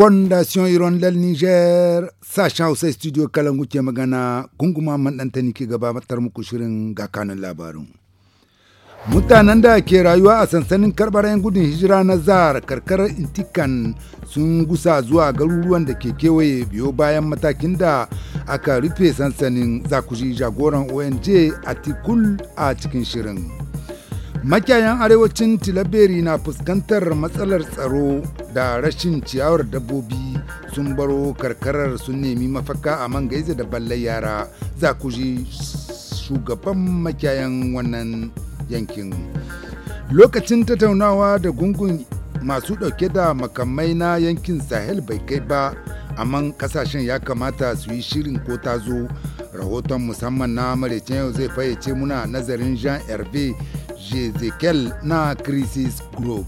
fondation hirondel niger sacha hausa studio kalangu ke magana gunguma maɗanta ne ke gabatar muku shirin ga kanun labarin mutanen da ke rayuwa a sansanin karɓar gudun hijira na zahar karkarar intikan sun gusa zuwa garuruwan da ke kewaye biyo bayan matakin da aka rufe sansanin zakuji jagoran ong atikul a cikin shirin Makiyayan arewacin Tilaberi na fuskantar matsalar tsaro da rashin ciyawar dabbobi sun baro karkarar sun nemi mafaka a man gaiza da ballai yara za ku ji shugaban makiyayan wannan yankin. Lokacin tattaunawa da gungun masu ɗauke da makamai na yankin Sahel bai kai ba, amma kasashen ya kamata su yi shirin ko ta zo. Rahoton musamman na maraicen yau zai fayyace muna nazarin Jean Hervé jezekel na crisis group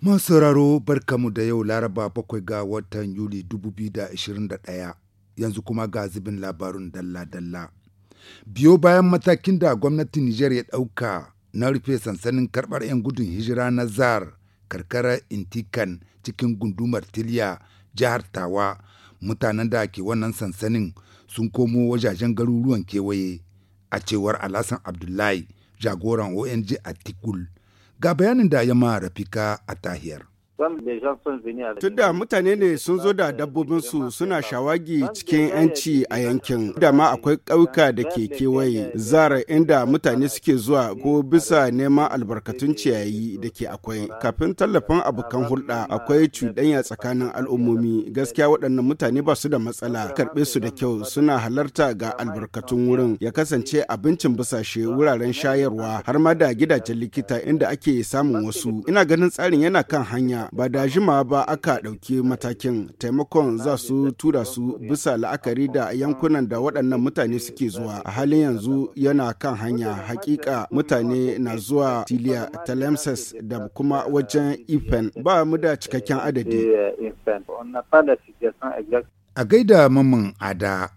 masauraro barkamu da yau laraba bakwai ga watan yuli 2021 yanzu kuma ga zubin labarun dalla-dalla biyo bayan matakin da gwamnatin nijar ya ɗauka na rufe sansanin karɓar 'yan gudun hijira na zar karkarar intikan cikin gundumar tiliya jihar tawa mutanen da ke wannan sansanin sun komo wajajen garuruwan kewaye a cewar Alhassan Abdullahi jagoran ONG a Tikul ga bayanin da ya ma Rafika a tahiyar. da mutane ne sun zo da dabbobin su, suna shawagi cikin 'yanci a yankin. Da ma akwai ƙauka da ke kewaye zara inda mutane suke zuwa ko bisa neman albarkatun ciyayi da ke akwai. Kafin tallafin abokan hulɗa akwai cuɗanya tsakanin al'ummomi. Gaskiya waɗannan mutane ba su da matsala. Karɓe su da kyau suna halarta ga albarkatun wurin ya kasance abincin busashe wuraren shayarwa har ma da gidajen likita inda ake samun wasu. Ina ganin tsarin yana kan hanya ba da jima ba aka ɗauki matakin taimakon za su tura su bisa la'akari da yankunan da waɗannan mutane suke zuwa. A halin yanzu yana kan hanya hakika mutane na zuwa Tilia, Talemses da kuma wajen Ifen ba mu da cikakken adadi. A gaida mamman ada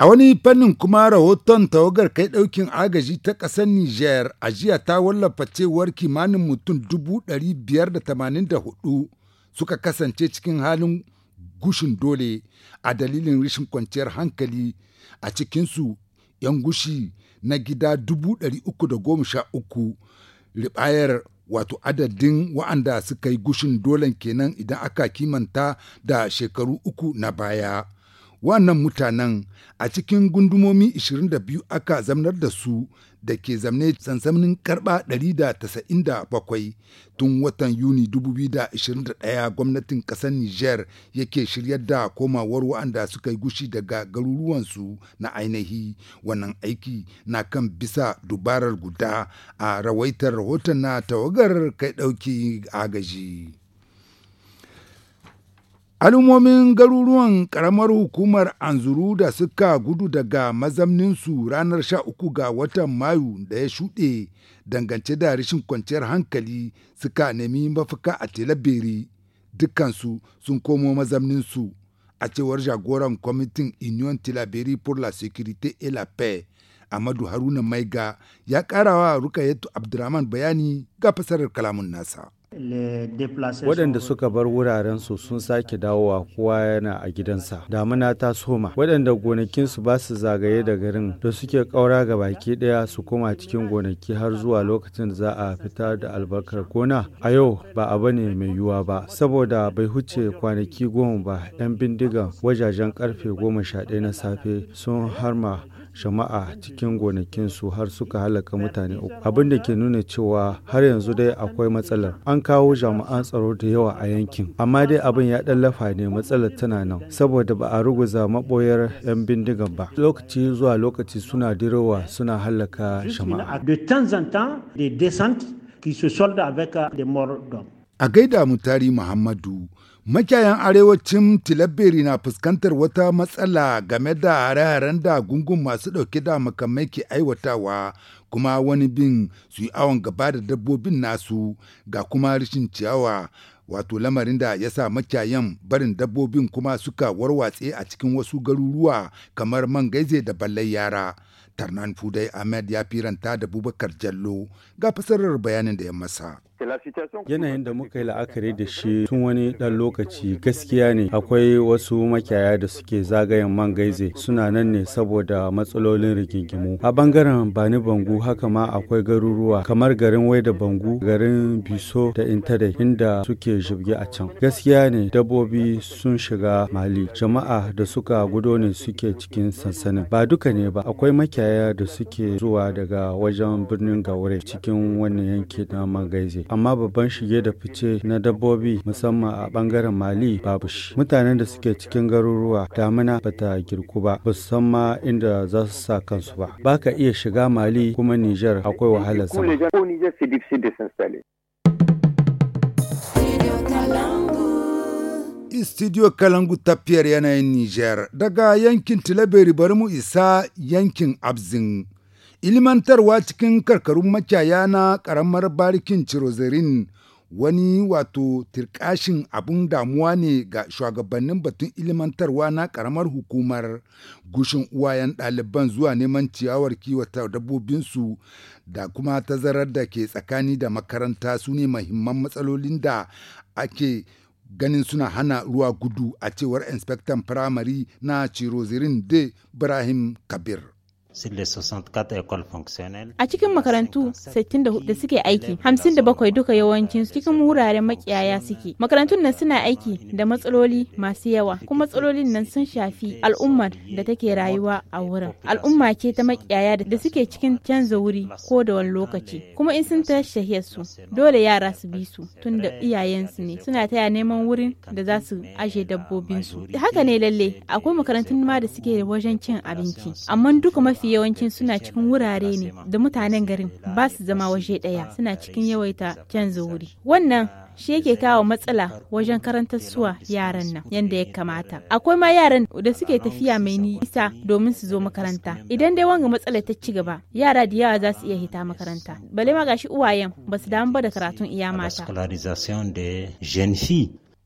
A wani fannin kuma rahoton tawagar kai ɗaukin agaji ta ƙasar Nijar a jiya ta wallafa cewar kimanin mutum 584 suka kasance cikin halin gushin dole a dalilin rashin kwanciyar hankali a cikinsu 'yan gushi na gida 313 ribayar wato adadin wa'anda suka yi gushin dole kenan idan aka kimanta da shekaru uku na baya. Wannan mutanen a cikin gundumomi 22 aka zamnar da su da ke zamne sansamin karba 197 tun watan Yuni 2021 gwamnatin ƙasar Nijar yake shiryar da komawar wa'anda suka yi gushi daga garuruwansu na ainihi wannan aiki na kan bisa dubarar guda a rawaitar rahoton na tawagar kai ɗauki agaji. Al'ummomin garuruwan ƙaramar hukumar Anzuru da suka gudu daga mazamninsu ranar sha uku ga watan Mayu da ya shuɗe dangance da rashin kwanciyar hankali suka nemi mafaka a telabiri dukansu sun komo mazamninsu a cewar jagoran kwamitin Union Tilaberi pour la Sécurité et la Paix. Amadu Haruna Maiga ya ƙarawa Rukayatu abdulrahman bayani ga fasarar kalamun nasa. waɗanda suka bar wurarensu sun sake dawowa kowa yana a gidansa damuna ta soma waɗanda gonakinsu ba su zagaye da garin da suke ƙaura ga baki ɗaya su koma cikin gonaki har zuwa lokacin da za a fita da albarkar gona a yau ba abu ne mai yiwuwa ba saboda bai huce kwanaki goma ba 'yan bindigan wajajen karfe goma sha ɗaya na safe sun harma shama'a cikin gonakinsu har suka halaka mutane uku abin da ke nuna cewa har yanzu dai akwai matsalar an kawo jami'an tsaro da yawa a yankin amma dai abin ya dan lafa ne matsalar tana nan saboda ba a ruguza maboyar yan bindigan ba lokaci zuwa lokaci suna dirowa suna halaka shama'a euh, A gaida Mutari Muhammadu Makiyayan arewacin tilabiri na fuskantar wata matsala game da hare-haren da gungun masu ɗauke da makamai ke aiwatawa kuma wani bin su yi awon gaba da dabbobin nasu ga kuma rashin ciyawa wato lamarin da ya sa makiyayan barin dabbobin kuma suka warwatse a cikin wasu garuruwa kamar man gaize da ballai yara. Tarnan Fudai Ahmed ya firanta da Bubakar Jallo ga fasarar bayanin da ya masa. Yanayin da muka yi la'akari da shi tun wani ɗan lokaci gaskiya ne akwai wasu makiyaya da suke zagayen man gaize suna nan ne saboda matsalolin rigingimu. A bangaren Bani Bangu haka ma akwai garuruwa kamar garin wai da Bangu, garin Biso da Intare inda suke shirge a can. Gaskiya ne dabbobi sun shiga Mali. Jama'a da suka gudo ne suke cikin sansanin. Ba duka ne ba akwai makiyaya da suke zuwa daga wajen birnin Gaure cikin wannan yanki na man gaize. amma babban shige da fice na dabbobi musamman a bangaren mali babu shi mutanen da suke cikin garuruwa damina bata girku ba ba san ma inda za su sa kansu ba baka iya shiga mali kuma niger akwai wahalar zama studio kalangu tafiyar yanayin Nijar daga yankin Tilaberi bari mu isa yankin Abzin. Ilimantarwa cikin karkarun macaya na karamar barikin Cirozerin wani wato tirkashin abun damuwa ne ga shugabannin batun ilimantarwa na karamar hukumar gushin uwayen ɗaliban zuwa neman ciyawar kiwata dabbobinsu da kuma tazarar da ke tsakani da makaranta su ne mahimman matsalolin da ake ganin suna hana ruwa gudu a cewar inspektan firamare na cirozirin de ibrahim kabir A cikin makarantu 64 da suke aiki, 57 duka yawancin cikin wuraren makiyaya suke. Makarantun nan suna aiki da matsaloli masu yawa, kuma matsalolin nan sun shafi al'ummar da take rayuwa a wurin. Al'umma ce ta makiyaya da suke cikin canza wuri ko da wani lokaci, kuma in sun tashi su dole yara su bi su tun da iyayensu ne suna taya neman wurin da za su aje dabbobinsu. Haka ne lalle akwai makarantun ma da suke wajen cin abinci, amma duka mafi mafi yawancin suna cikin wurare ne da mutanen garin ba su zama waje ɗaya suna cikin yawaita canza wuri wannan shi yake kawo matsala wajen karantar suwa yaran nan yadda ya kamata akwai ma yaran da suke tafiya mai nisa domin su zo makaranta idan dai wanga matsalar ta ci gaba yara da yawa za su iya hita makaranta bale ma gashi uwayen ba su damu ba da karatun iya mata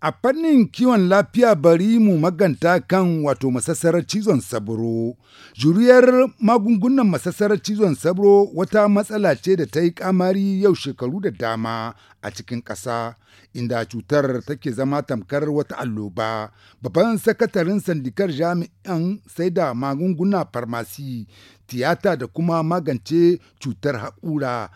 A fannin kiwon lafiya bari mu maganta kan wato masassarar cizon sabro. Juriyar magungunan masassarar cizon sabro wata matsala ce da ta yi kamari yau shekaru da dama a cikin ƙasa, inda cutar take zama tamkar wata alloba. Babban sakatarin sandikar jami'an sai da magunguna farmasi, tiyata da kuma magance cutar haƙura.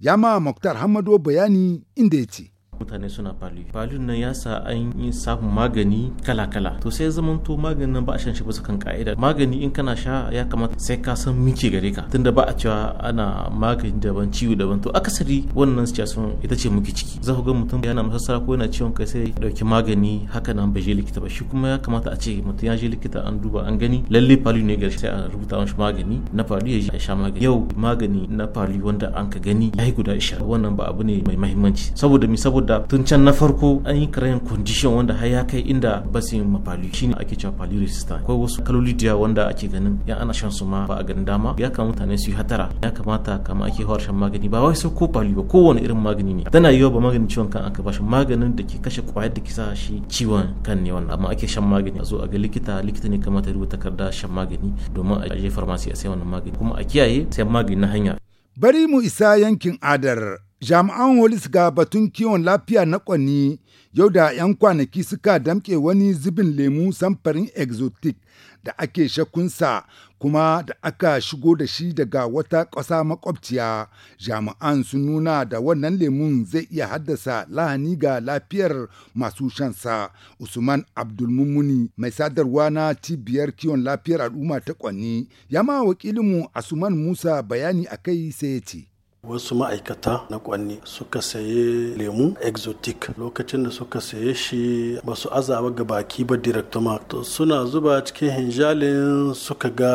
Yama Muktar Hamado bayani inda ya ce. mutane suna palu palu na ya sa an yi samun magani kala-kala to sai zaman to maganin ba a shan shi bisa kan ka'ida magani in kana sha ya kamata sai ka san miki gare ka tunda ba a cewa ana magani daban ciwo daban to akasari wannan sun ita ce muke ciki za ku ga mutum yana masassara ko yana ciwon kai sai dauki magani haka nan bai je likita ba shi kuma ya kamata a ce mutum ya je likita an duba an gani lalle palu ne gari sai a rubuta mashi magani na palu ya sha magani yau magani na palu wanda an ka gani ya yi guda 20 wannan ba abu ne mai mahimmanci saboda mi saboda saboda tun can na farko an yi karayan condition wanda har ya kai inda ba su yi mafali shine ake cewa pali resistant akwai wasu kaloli da wanda ake ganin ya ana shan su ma ba a ganin dama ya kamata mutane su yi hatara ya kamata kama ake hawar shan magani ba wai sai ko pali ba kowane irin magani ne tana yiwa ba maganin ciwon kan aka bashi maganin da ke kashe kwayar da ke sa shi ciwon kan ne wannan amma ake shan magani a zo a ga likita likita ne kamata ya rubuta takarda shan magani domin a je farmasi a sai wannan magani kuma a kiyaye sai magani na hanya bari mu isa yankin adar Jami'an Holis ga batun kiwon lafiya na kwanni yau da 'yan kwanaki suka damke wani zubin lemu samfarin exotic da ake shakunsa kuma da aka shigo da shi daga wata ƙasa makwabciya. Jami'an sun nuna da wannan lemun zai iya haddasa lahani ga lafiyar masu shansa. Usman Abdulmumuni mai sadarwa na cibiyar kiwon lafiyar al'umma ta kwanni ya ma wakilinmu Asuman Musa bayani akai sai ya ce. wasu ma'aikata na kwanni suka saye lemu exotic lokacin da suka saye shi ba su azaba ga baki ba directoma to suna zuba cikin hinjalin suka ga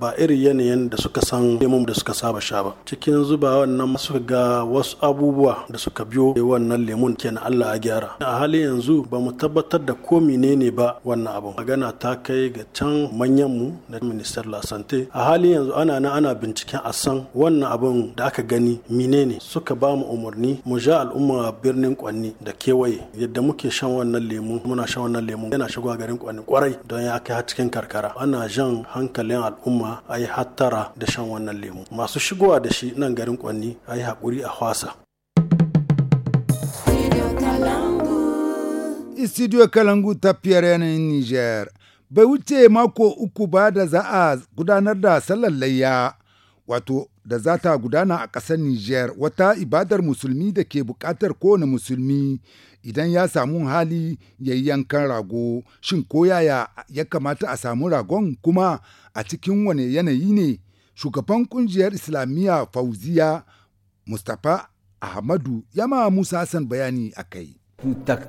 ba irin yanayin da suka san lemun da suka saba sha ba cikin zuba wannan suka ga wasu abubuwa da suka biyo wannan lemun kenan Allah a gyara a halin yanzu ba mu tabbatar da ko menene ba wannan abu magana ta kai ga can manyanmu na minister la a halin yanzu ana na ana binciken a san wannan abun da aka gani menene suka ba mu umarni mu ja al'umma birnin kwanni da kewaye yadda muke shan wannan lemu muna shan wannan lemu yana a garin kwanni kwarai don ya kai har cikin karkara ana jan hankalin al'umma a yi hattara da shan wannan lemu masu shigowa da shi nan garin kwanni a yi haƙuri a hwasa studio kalangu ta fiyar yanayin niger bai wuce mako uku ba da za a gudanar da sallar layya wato da za ta gudana a ƙasar Nijar wata ibadar musulmi da ke buƙatar kowane musulmi idan ya samu hali ya yi yankan rago shin ko yaya ya kamata a samu ragon kuma a cikin wane yanayi ne shugaban ƙungiyar islamiyya fauziya mustapha ahmadu ya ma musa san bayani a kai. Duk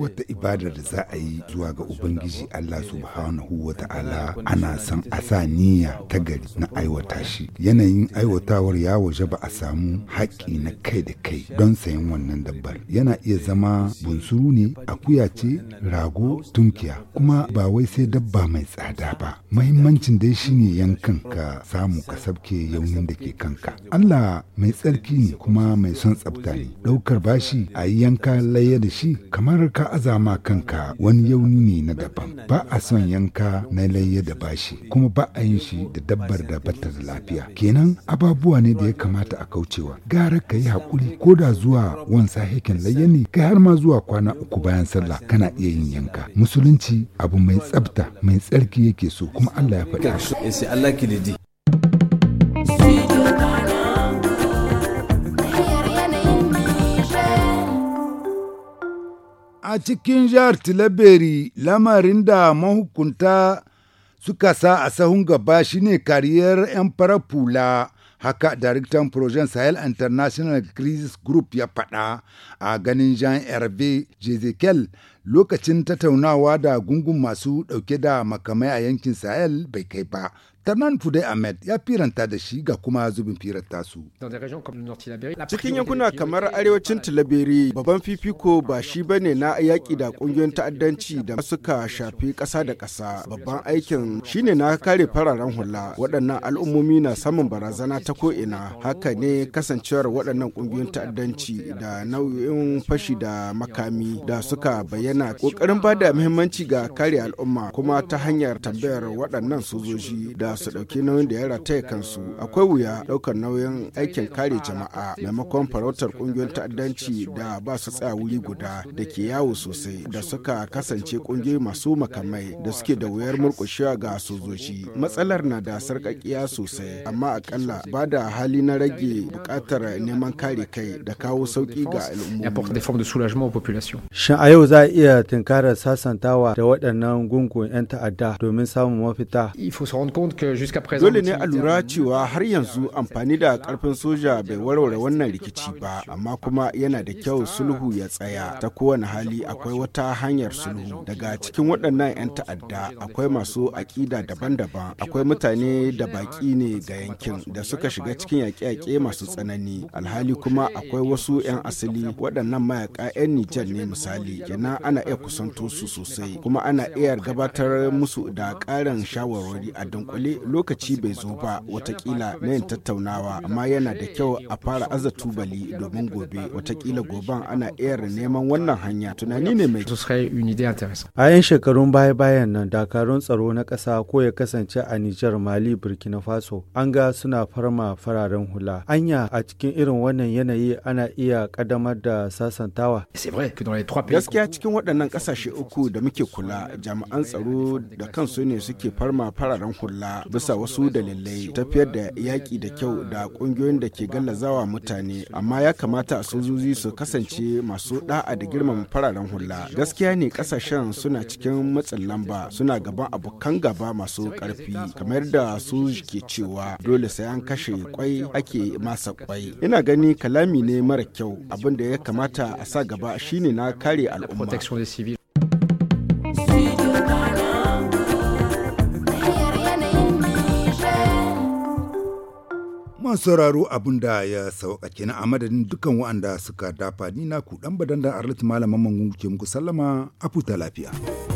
wata ibadar da za a yi zuwa ga Ubangiji Allah subhanahu wa ta'ala ana san a sa niyya ta gari na aiwata shi. Yanayin aiwatawar ya waje ba a samu haƙƙi na kai da kai don sayan wannan dabbar. Yana iya zama bunsuru ne, akuya ce, rago, tunkiya. Kuma ba wai sai dabba mai tsada ba. Mahimmancin dai shi shine yankan ka samu ka sabke yaunin da ke kanka. Allah mai tsarki ne kuma mai son tsafta ne. Ɗaukar bashi a yi yanka laye da shi kamar ka azama kanka wani yauni ne na daban ba a son yanka na laye da bashi kuma ba a yin shi da dabbar da bata da lafiya kenan ababuwa ne da ya kamata a kaucewa gara ka yi hakuri ko da zuwa wansa hekin laye ne kai har ma zuwa kwana uku bayan sallah kana iya yin yanka musulunci abu mai tsabta mai tsarki yake so kuma Allah ya faɗi A cikin jihar Tilaberi lamarin da mahukunta suka sa a sahun gaba shine kariyar 'yan farafula haka daraktan projen Sahel International Crisis Group ya fada a ganin Jean Hervé Jezekiel lokacin tattaunawa da gungun masu ɗauke da makamai a yankin sahel bai kai ba tanan Fudai Ahmed ya firanta da shi ga kuma zubin firanta su. Cikin yankuna kamar arewacin Tilaberi babban fifiko ba shi bane na yaƙi da ƙungiyoyin ta'addanci da suka shafi ƙasa da ƙasa. Babban aikin shine na kare fararen hula. Waɗannan al'ummomi na samun barazana ta ko'ina. Haka ne kasancewar waɗannan ƙungiyoyin ta'addanci da nau'in fashi da makami da suka bayyana tana kokarin ba da muhimmanci ga kare al'umma kuma ta hanyar tambayar waɗannan sojoji da su ɗauki nauyin da ya rataya kansu akwai wuya ɗaukar nauyin aikin kare jama'a maimakon farautar ƙungiyoyin ta'addanci da ba su tsaya wuri guda da ke yawo sosai da suka kasance ƙungiyoyi masu makamai da suke da wuyar murƙushewa ga sojoji matsalar na da sarƙaƙiya sosai amma aƙalla ba da hali na rage buƙatar neman kare kai da kawo sauƙi ga al'umma. Shin a yau za a iya iya tinkarar sasantawa da waɗannan gungun 'yan ta'adda domin samun mafita. Dole ne a lura cewa har yanzu euh, amfani da ƙarfin soja bai warware wannan rikici ba, amma kuma yana da kyau sulhu ya tsaya. Ta kowane hali akwai wata hanyar sulhu. Daga cikin waɗannan 'yan ta'adda akwai masu aƙida daban-daban, akwai mutane da baƙi ne ga euh, yankin da suka shiga cikin yaƙe-yaƙe masu tsanani. Alhali kuma akwai wasu 'yan asali waɗannan mayaƙa 'yan Nijar ne misali. Kenan ana iya kusanto su sosai kuma ana iya gabatar musu da ƙarin shawarwari a dunkule lokaci bai zo ba watakila na yin tattaunawa amma yana da kyau a fara aza tubali domin gobe watakila goban ana iya neman wannan hanya tunani ne mai a yan shekarun baya bayan nan dakarun tsaro na ƙasa ko ya kasance a nijar mali burkina faso an ga suna farma fararen hula anya a cikin irin wannan yanayi ana iya ƙaddamar da sasantawa gaskiya cikin waɗannan ƙasashe uku da muke kula jami'an tsaro da kansu ne suke farma fararen hula bisa wasu dalilai tafiyar da yaƙi da kyau da ƙungiyoyin da ke gallazawa mutane amma ya kamata a sojoji su kasance masu da'a da girmama fararen hula gaskiya ne ƙasashen suna cikin matsin lamba suna gaban abokan gaba masu ƙarfi kamar da su ke cewa dole sai an kashe kwai ake masa kwai ina gani kalami ne mara kyau abin da ya kamata a sa gaba shine na kare al'umma protection des civils. sauraro abin da ya sauka kenan a madadin dukkan waɗanda suka dafa ni na ku dan badan da arlit malaman mangungu ke muku sallama a lafiya.